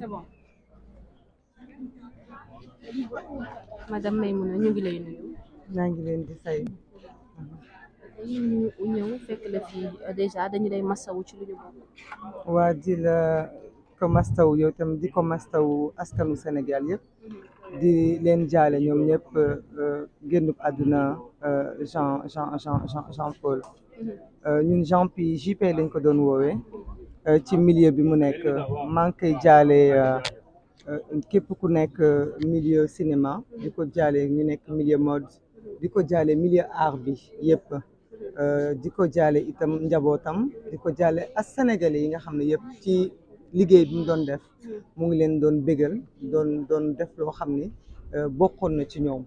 c'est bon madame Maymouna ñu ngi lay nuyu naa ngi leen di fay ñu ñëw fekk la fii euh, déjà dañu lay masawu ci lu ñu bokk waa di la ko mastawu yow di ko mastawu askanu senegal yëpp di leen jaale ñoom ñëpp euh, génnub àdduna euh, Jean Jean Jean Jean Paul mm-hmm. ñun Jean Pi JP lañ ko doon woowee Euh, ci milieu bi mu nekk maa ngi koy jaale euh, euh, képp ku nekk milieu cinéma di ko jaale ñu nekk milieu mode di ko jaale milieu art bi yëpp di ko jaale itam njabootam di ko jaale ak sénégalais yi nga xam ne yëpp ci liggéey bi mu doon def mu ngi leen doon bégal doon doon def loo xam ni bokkoon na ci ñoom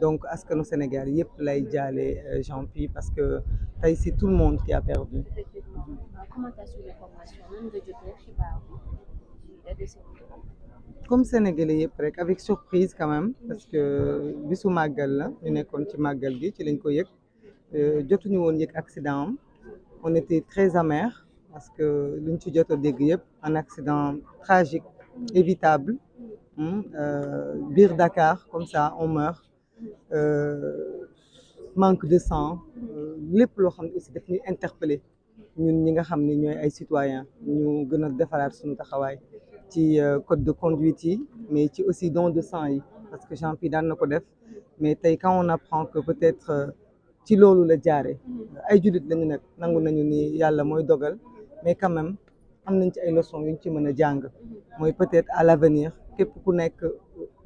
donc askanu Sénégal yëpp lay jaale Jean Pi parce que tey c'est tout le monde qui a perdu comment t'as suivi formation comme sénégalais yëpp rek avec surprise parce que bisu màggal la ñu nekkoon ci màggal gi ci lañ ko yëg euh, jotuñu woon yëg accident am on était très amer parce que luñ ci jot a dégg yëpp un accident tragique évitable hmm, euh, biir Dakar comme ça on meurt euh, manque de sang lépp loo xam ne aussi daf ñuy interpellé ñun ñi nga xam ni ñooy ay citoyens ñu gën a defaraat suñu taxawaay ci euh, code de conduite yi mais ci aussi don de sang yi parce que Jean Pi daan na ko def mais tey quand on apprend que peut-être euh, ci loolu la jaare ay jullit lañu nag nangu nañu ni yàlla mooy dogal mais quand même am nañ ci ay leçons yuñ ci mën a jàng mooy peut-être à l'avenir képp ku nekk euh,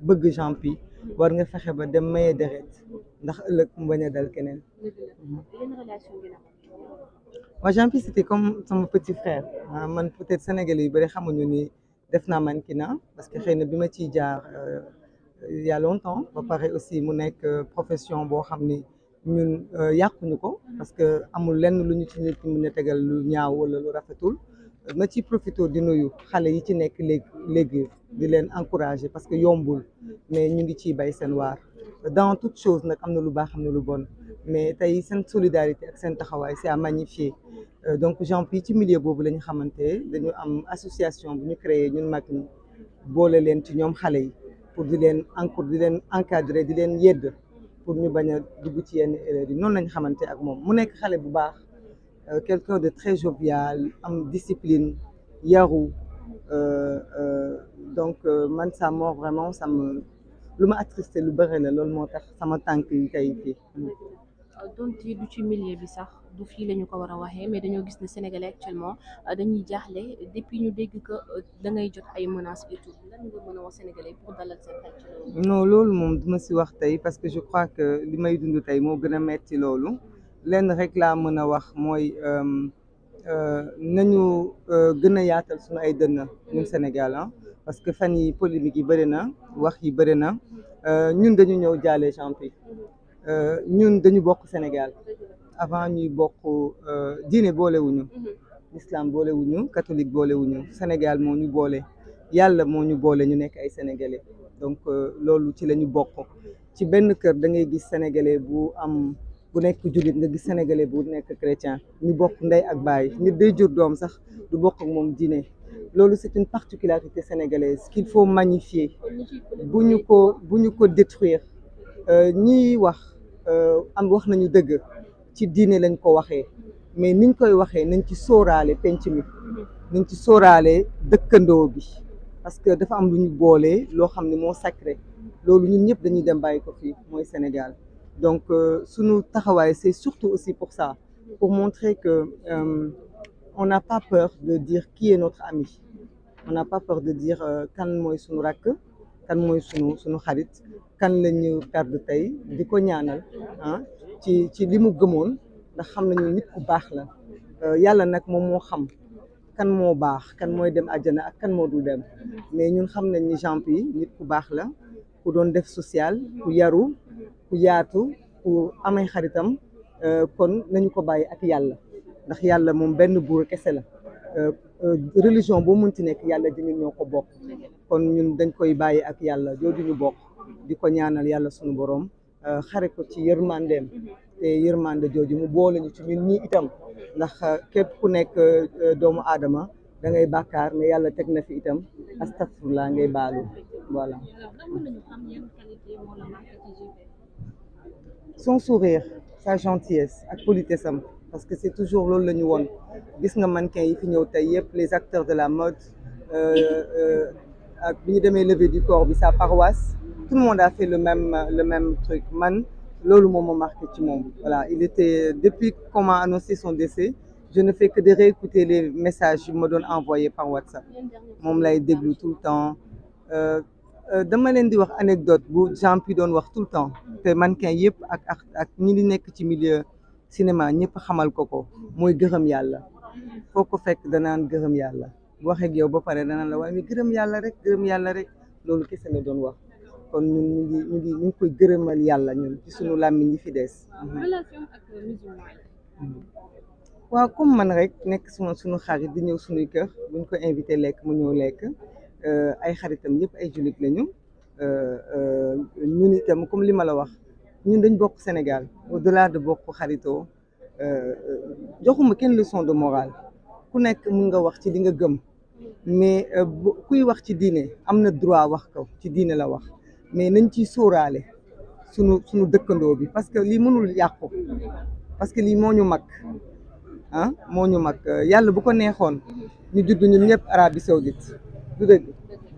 bëgg Jean Pi war nga fexe ba dem maye deret ndax ëllëg mu bañ a dal keneen. moi Jean-Pi c'était comme sama petit frère ah, man peut-être yu bëri xamuñu ni def naa mannequinat parce que xëy na bi ma ciy jaar euh, il y a longtemps ba pare aussi mu nekk euh, profession boo xam ni ñun euh, yàquñu ko parce que amul lenn lu ñu ci nit mën a tegal lu ñaaw wala lu rafetul ma ciy profité di nuyu xale yi ci nekk léegi léegi di leen encourager parce que yombul mais ñu ngi ciy bay seen waar dans toute chose nag am na lu baax am na lu bon mais tey seen solidarité ak seen taxawaay c'est à magnifier euh, donc gens yi ci milieu boobu la ñu xamante dañu am association bu ñu créé ñun mag boole leen ci ñoom xale yi pour di leen encore di leen encadrer di leen yedd pour ñu bañ a dugg ci yenn erreur noonu lañ xamante ak moom mu nekk xale bu baax euh, quelqu'un de très jovial am discipline yaru euh, donc man sa mort vraiment ça lu ma attristé lu bëri la loolu moo tax sama tànk yi tey fii euh, donte du ci milieu bi sax du fii la ñu ko war a waxee mais dañoo gis ne sénégalais actuellement euh, dañuy jaaxle depuis ñu dégg que euh, da ngay jot ay menaces et tout lan wax sénégalais pour dalal seen loolu moom duma si wax tey parce que je crois que li may dund tey moo gën a metti loolu lenn rek laa mën a wax mooy Euh, nañu euh, gën a yaatal suñu ay dënn ñun Sénégal ah parce que fan yi polémique yi bëri na wax yi bëri na euh, ñun dañu ñëw jaale champi ñun dañu bokk Sénégal avant ñuy bokk diine boolewuñu islam boolewuñu catholique boolewuñu Sénégal moo ñu boole yàlla moo ñu boole ñu nekk ay sénégalais donc loolu ci lañu ñu bokk ci benn kër dangay gis sénégalais bu am. bu nekk jullit nga gis sénégalais bu nekk chrétien ñu bokk ndey ak baay nit day jur doom sax du bokk ak moom diine loolu c'est une particularité sénégalaise qu'il faut magnifier bu ñu ko bu ñu ko détruire euh, ñiy wax euh, am wax nañu dëgg ci diine lañ ko waxee mais niñ koy waxee nañ ci sóoraale penc mi nañ ci sóoraale dëkkandoo bi parce que dafa am lu ñu boolee loo xam ne moo sacré loolu ñun ñëpp dañuy dem bàyyi ko fii mooy Sénégal donc euh, suñu taxawaay c'est surtout aussi pour ça pour montrer que euh, on n'a pas peur de dire qui est notre ami on n'a pas peur de dire euh, kan mooy suñu rakk kan mooy suñu suñu xarit kan la ñu perdre tey di ko ñaanal ah ci ci li mu gëmoon ndax xam nañu nit ku baax la euh, yàlla nag moom moo xam kan moo baax kan mooy dem àjjana ak kan moo du dem mais ñun xam nañ ni Jean Pi nit ku baax la ku doon def social ku yaru ku yaatu ku amay xaritam euh, kon nañu ko bàyyi ak yàlla ndax yàlla moom benn buur kese la euh, euh, religion boo munti nekk yàlla dinañ ñoo ko bokk kon ñun dañ koy bàyyi ak yàlla jooju ñu bokk di ko ñaanal yàlla suñu borom xare ko ci yërmandeem te yërmande jooju mu boole ñu ci ñun ñi itam ndax képp ku nekk doomu aadama da ngay bàkkaar mais yàlla teg na fi itam astafurlaa ngay baalu voilà son sourire sa gentillesse ak politesse am parce que c'est toujours loolu la ñu woon gis nga man yi fi ñëw tey yëpp les acteurs de la mode euh, euh, ak bi ñu demee lever du corps bi sa paroisse tout le monde a fait le même truc man loolu moom moo marqué ci moom voilà il était depuis comment annoncer son décès je ne fais que de réécouter les message yu ma doon envoyé par WhatsApp moom lay déglu tout le temps euh, euh, dama leen di wax anecdote bu Jean Pi doon wax tout le temps te mannequin yëpp ak ak ak ñi di nekk ci milieu cinéma ñëpp xamal ko ko mooy gërëm yàlla foo ko fekk danaan gërëm yàlla bu waxee ak yow ba pare danaan la waaye mais gërëm yàlla rek gërëm yàlla rek loolu kese la doon wax kon ñu ngi ñu ngi ñu koy gërëmal yàlla ñun ci suñu làmmiñ ñi fi des. waaw comme man rek nekk suma suñu xarit di ñëw suñuy kër buñ ko invité lekk mu ñëw lekk euh, ay xaritam yëpp ay jullit lañu euh, euh, ñun itam comme li ma la wax ñun dañ bokk Sénégal au de bokk xaritoo joxuma kenn leçon de morale ku nekk mun nga wax ci li nga gëm mais kuy wax ci diine am na droit wax ko ci diine la wax mais nañ ciy sóoraale sunu sunu dëkkandoo bi parce que lii mënul yàqu parce que lii moo ñu mag ah moo ñu mag yàlla bu ko neexoon ñu judd ñun ñëpp Arabie Saoudite du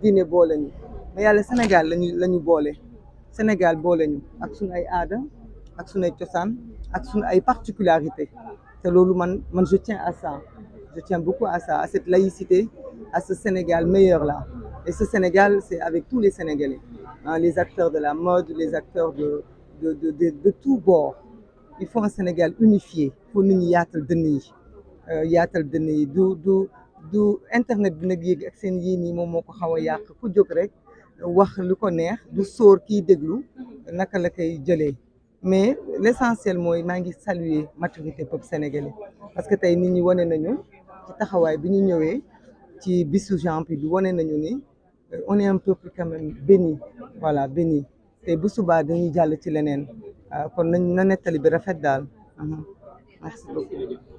diine boole ñu mais yàlla Sénégal lañu la ñu boole Sénégal boole ñu ak suñu ay aada ak suñu ay cosaan ak suñu ay particularité te loolu man man je tiens à ça je tiens beaucoup à ça à cette laïcité à ce Sénégal meilleur là et ce Sénégal c'est avec tous les Sénégalais hein, les acteurs de la mode les acteurs de tous bords il faut Sénégal unifié pour nit ñu yaatal dënn yi euh, yaatal dënn yi du du internet bi nag yéeg ak seen yii nii moom moo ko xaw a yàq ku jóg rek wax lu ko neex du sóor kii déglu naka la koy jëlee mais l'essentiel mooy maa ngi saluer maturité peuple sénégali parce que tey nit ñi wane nañu ci taxawaay bi ñu ñëwee ci bisu Jean-Pierre bi wane nañu ni euh, on est un peuple quand même béni voilà béni te bu subaa dañuy jàll ci leneen Ah, kon nañ na nettali bi rafet daal merci beaucoup